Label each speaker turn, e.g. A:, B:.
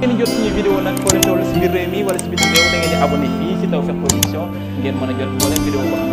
A: ni jot suñu vidéo nag foo leen toll si biir réew mi wala si biir réew da ngeen di abonné fii si Tawfekh Production ngeen mën a jot moo leen vidéo boo